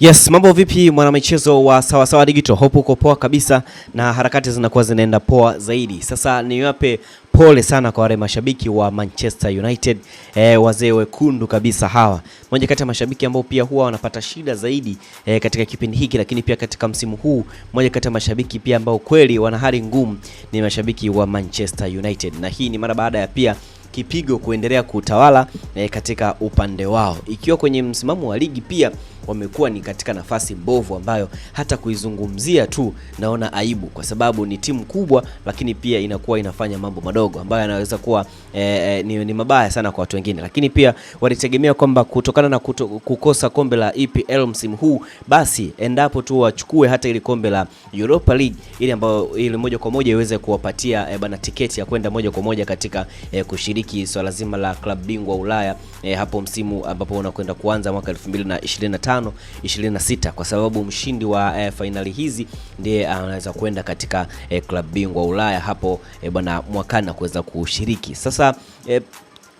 Yes, mambo vipi mwanamichezo wa Sawasawa Digital? Hope uko poa kabisa na harakati zinakuwa zinaenda poa zaidi. Sasa niwape pole sana kwa wale mashabiki wa Manchester United e, wazee wekundu kabisa hawa. Moja kati ya mashabiki ambao pia huwa wanapata shida zaidi e, katika kipindi hiki lakini pia katika msimu huu, moja kati ya mashabiki pia ambao kweli wana hali ngumu ni mashabiki wa Manchester United. Na hii ni mara baada ya pia kipigo kuendelea kutawala e, katika upande wao. Ikiwa kwenye msimamo wa ligi pia wamekuwa ni katika nafasi mbovu ambayo hata kuizungumzia tu naona aibu, kwa sababu ni timu kubwa, lakini pia inakuwa inafanya mambo madogo ambayo yanaweza kuwa eh, eh ni, ni mabaya sana kwa watu wengine. Lakini pia walitegemea kwamba kutokana na kuto, kukosa kombe la EPL msimu huu, basi endapo tu wachukue hata ile kombe la Europa League ili ambayo ili moja kwa moja iweze kuwapatia eh, bana tiketi ya kwenda moja kwa moja katika eh, kushiriki swala so zima la klabu bingwa Ulaya eh, hapo msimu ambapo unakwenda kuanza mwaka 2025 26, kwa sababu mshindi wa eh, fainali hizi ndiye ah, anaweza kwenda katika eh, klabu bingwa Ulaya hapo eh, bwana mwakana kuweza kushiriki sasa eh,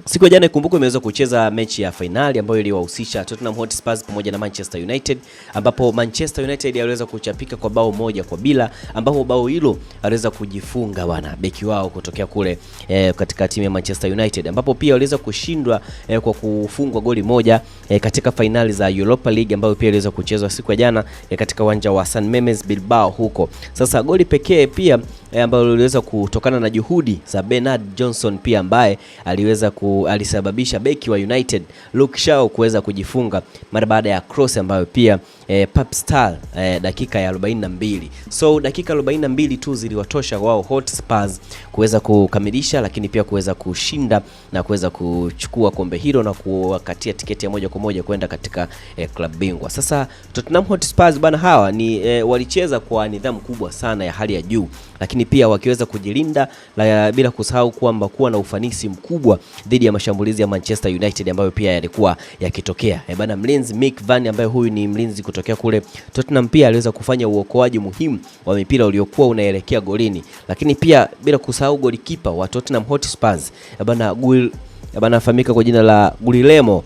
Siku ya jana ikumbukwe, imeweza kucheza mechi ya fainali ambayo iliwahusisha Tottenham Hotspur pamoja na Manchester United, ambapo Manchester United aliweza kuchapika kwa bao moja kwa bila, ambapo bao hilo aliweza kujifunga bwana beki wao kutokea kule e, katika timu ya Manchester United, ambapo pia waliweza kushindwa e, kwa kufungwa goli moja e, katika fainali za Europa League ambayo pia iliweza kuchezwa siku ya jana e, katika uwanja wa San Memes Bilbao huko. Sasa goli pekee pia Eh, ambalo liliweza kutokana na juhudi za Bernard Johnson pia ambaye aliweza ku, alisababisha beki wa United Luke Shaw kuweza kujifunga mara baada ya cross ambayo pia e, eh, Pap Star e, eh, dakika ya 42. So dakika 42 tu ziliwatosha wao Hotspurs kuweza kukamilisha, lakini pia kuweza kushinda na kuweza kuchukua kombe hilo na kuwakatia tiketi ya moja kwa moja kwenda katika e, club bingwa. Sasa Tottenham Hotspurs bana hawa ni e, walicheza kwa nidhamu kubwa sana ya hali ya juu lakini pia wakiweza kujilinda, bila kusahau kwamba kuwa na ufanisi mkubwa dhidi ya mashambulizi ya Manchester United ambayo pia yalikuwa yakitokea. E bana, mlinzi Mick Van ambaye huyu ni mlinzi kutokea kule Tottenham pia aliweza kufanya uokoaji muhimu wa mipira uliokuwa unaelekea golini, lakini pia bila kusahau golikipa wa Tottenham Hotspur eh, eh, bana, anafahamika kwa jina la Guillermo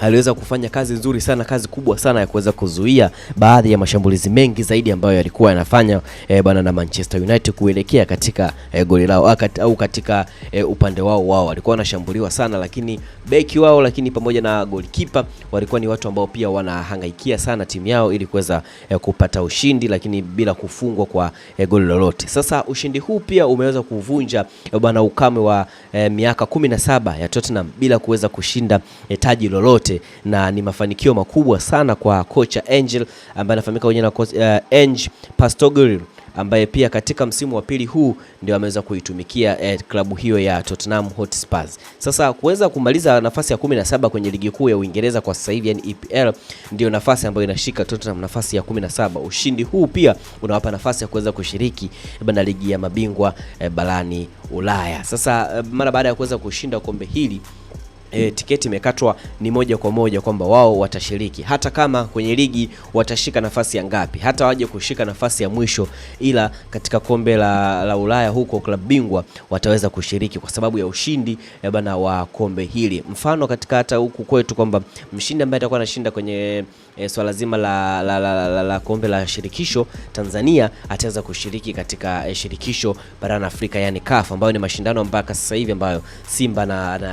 aliweza kufanya kazi nzuri sana, kazi kubwa sana ya kuweza kuzuia baadhi ya mashambulizi mengi zaidi ambayo yalikuwa yanafanya e, eh, bwana na Manchester United kuelekea katika e, goli lao ah, au katika e, upande wao wao walikuwa wanashambuliwa sana, lakini beki wao, lakini pamoja na goalkeeper walikuwa ni watu ambao pia wanahangaikia sana timu yao ili kuweza e, kupata ushindi, lakini bila kufungwa kwa e, goli lolote. Sasa ushindi huu pia umeweza kuvunja e, bwana ukame wa e, miaka 17 ya Tottenham bila kuweza kushinda e, taji lolote yote, na ni mafanikio makubwa sana kwa kocha Angel ambaye anafahamika kwa jina la eh, Ange Pastore ambaye pia katika msimu wa pili huu ndio ameweza kuitumikia eh, klabu hiyo ya Tottenham Hotspurs. Sasa kuweza kumaliza nafasi ya 17 kwenye ligi kuu ya Uingereza kwa sasa hivi, yani EPL, ndio nafasi ambayo inashika Tottenham, nafasi ya 17. Ushindi huu pia unawapa nafasi ya kuweza kushiriki eh, na ligi ya mabingwa eh, barani Ulaya. Sasa eh, mara baada ya kuweza kushinda kombe hili E, tiketi imekatwa ni moja kwa moja kwamba wao watashiriki, hata kama kwenye ligi watashika nafasi ya ngapi, hata waje kushika nafasi ya mwisho, ila katika kombe la, la Ulaya huko klabu bingwa wataweza kushiriki kwa sababu ya ushindi ya eh, bana wa kombe hili. Mfano katika hata huku kwetu kwamba mshindi ambaye atakuwa anashinda kwenye e, swala zima la, la, la, la, la, la kombe la shirikisho Tanzania ataweza kushiriki katika e, shirikisho barani Afrika yani CAF, ambayo ni mashindano mpaka sasa hivi ambayo Simba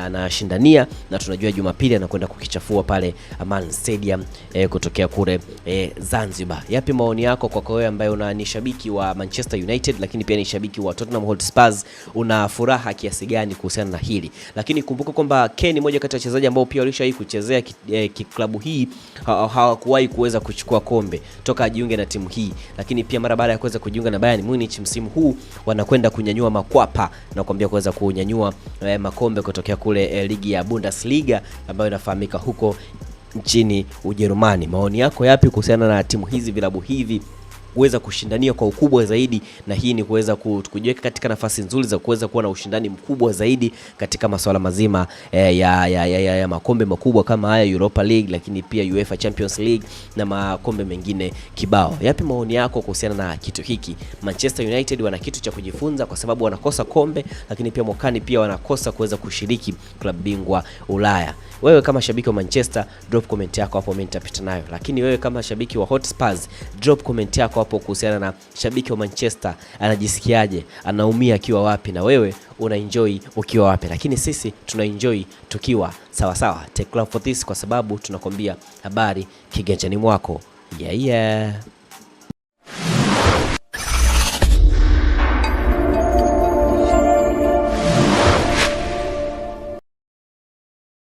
anashindania na, na na tunajua Jumapili anakwenda kukichafua pale Aman Stadium e, kutokea kule e, Zanzibar. Yapi maoni yako kwa wewe ambaye una ni shabiki wa Manchester United, lakini pia ni shabiki wa Tottenham Hotspur, una furaha kiasi gani kuhusiana na hili? Lakini kumbuka kwamba Kane ni moja kati ya wachezaji ambao pia walishawahi kuchezea eh, kiklabu ki hii hawakuwahi ha, kuweza kuchukua kombe toka ajiunge na timu hii, lakini pia mara baada ya kuweza kujiunga na Bayern Munich msimu huu wanakwenda kunyanyua makwapa na kuambia kuweza kunyanyua eh, makombe kutokea kule eh, ligi ya Bundesliga. Bundesliga ambayo inafahamika huko nchini Ujerumani. Maoni yako yapi kuhusiana na timu hizi, vilabu hivi kuweza kushindania kwa ukubwa zaidi, na hii ni kuweza kujiweka katika nafasi nzuri za kuweza kuwa na ushindani mkubwa zaidi katika masuala mazima eh, ya, ya, ya, ya, ya makombe makubwa kama haya Europa League, lakini pia UEFA Champions League na makombe mengine kibao. Yapi maoni yako kuhusiana na kitu hiki? Manchester United wana kitu cha kujifunza kwa sababu wanakosa kombe, lakini pia mwakani pia wanakosa kuweza kushiriki klabu bingwa Ulaya. Wewe kama shabiki wa Manchester, drop comment yako hapo, mimi nitapita nayo. Lakini wewe kama shabiki wa Hotspurs, drop comment yako hapo kuhusiana na shabiki wa Manchester anajisikiaje, anaumia akiwa wapi, na wewe unaenjoy ukiwa wapi. Lakini sisi tunaenjoy tukiwa sawa sawa. Take love for this, kwa sababu tunakwambia habari kiganjani mwako. Yeah, yeah.